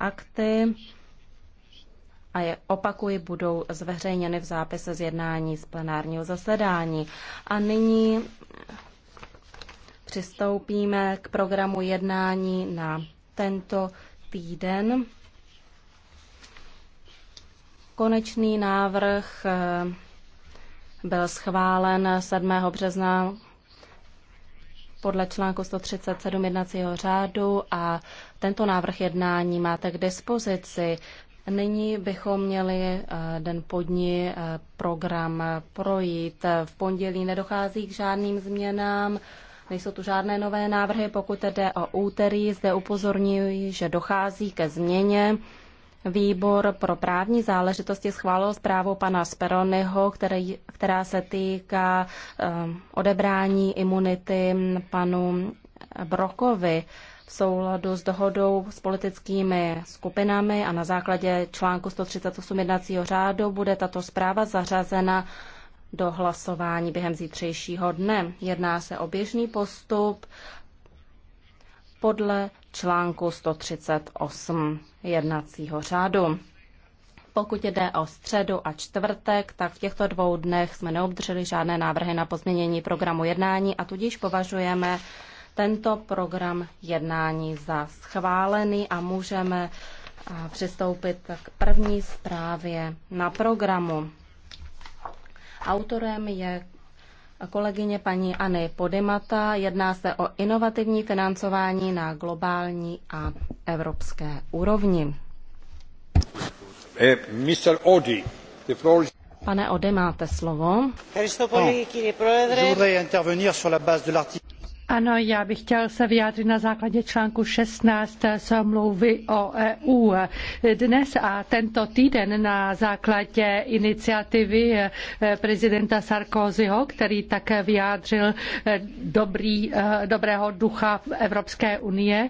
akty a je opakuji, budou zveřejněny v zápise z jednání z plenárního zasedání. A nyní přistoupíme k programu jednání na tento týden. Konečný návrh eh, byl schválen 7. března podle článku 137 jednacího řádu a tento návrh jednání máte k dispozici. Nyní bychom měli eh, den podní eh, program projít. V pondělí nedochází k žádným změnám, nejsou tu žádné nové návrhy. Pokud jde o úterý, zde upozorňuji, že dochází ke změně. Výbor pro právní záležitosti schválil zprávu pana Speroneho, který, která se týká ehm, odebrání imunity panu Brokovi v souladu s dohodou s politickými skupinami a na základě článku 138 jednacího řádu bude tato zpráva zařazena do hlasování během zítřejšího dne. Jedná se o běžný postup podle článku 138 jednacího řádu. Pokud jde o středu a čtvrtek, tak v těchto dvou dnech jsme neobdrželi žádné návrhy na pozměnění programu jednání a tudíž považujeme tento program jednání za schválený a můžeme přistoupit k první zprávě na programu. Autorem je kolegyně paní Anny Podemata Jedná se o inovativní financování na globální a evropské úrovni. Eh, Mr. Odi, the floor is... Pane Ode, máte slovo. Ano, já bych chtěl se vyjádřit na základě článku 16 smlouvy o EU. Dnes a tento týden na základě iniciativy eh, prezidenta Sarkozyho, který také vyjádřil eh, dobrý, eh, dobrého ducha Evropské unie,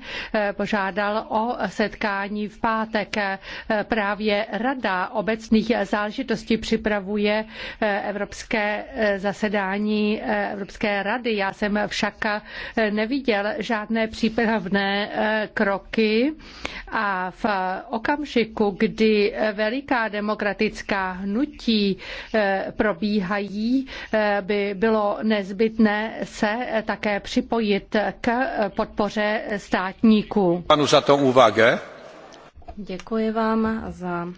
požádal o setkání v pátek. Právě Rada obecných záležitostí připravuje evropské zasedání Evropské rady. Já jsem však neviděl žádné přípravné eh, kroky a v okamžiku, kdy veliká demokratická hnutí eh, probíhají, eh, by bylo nezbytné se také připojit k podpoře státníků. Panu za to úvage. Děkuji vám za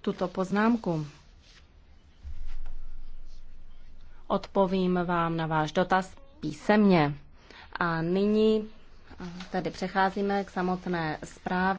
tuto poznámku. Odpovím vám na váš dotaz písemně. A nyní tady přecházíme k samotné zprávě.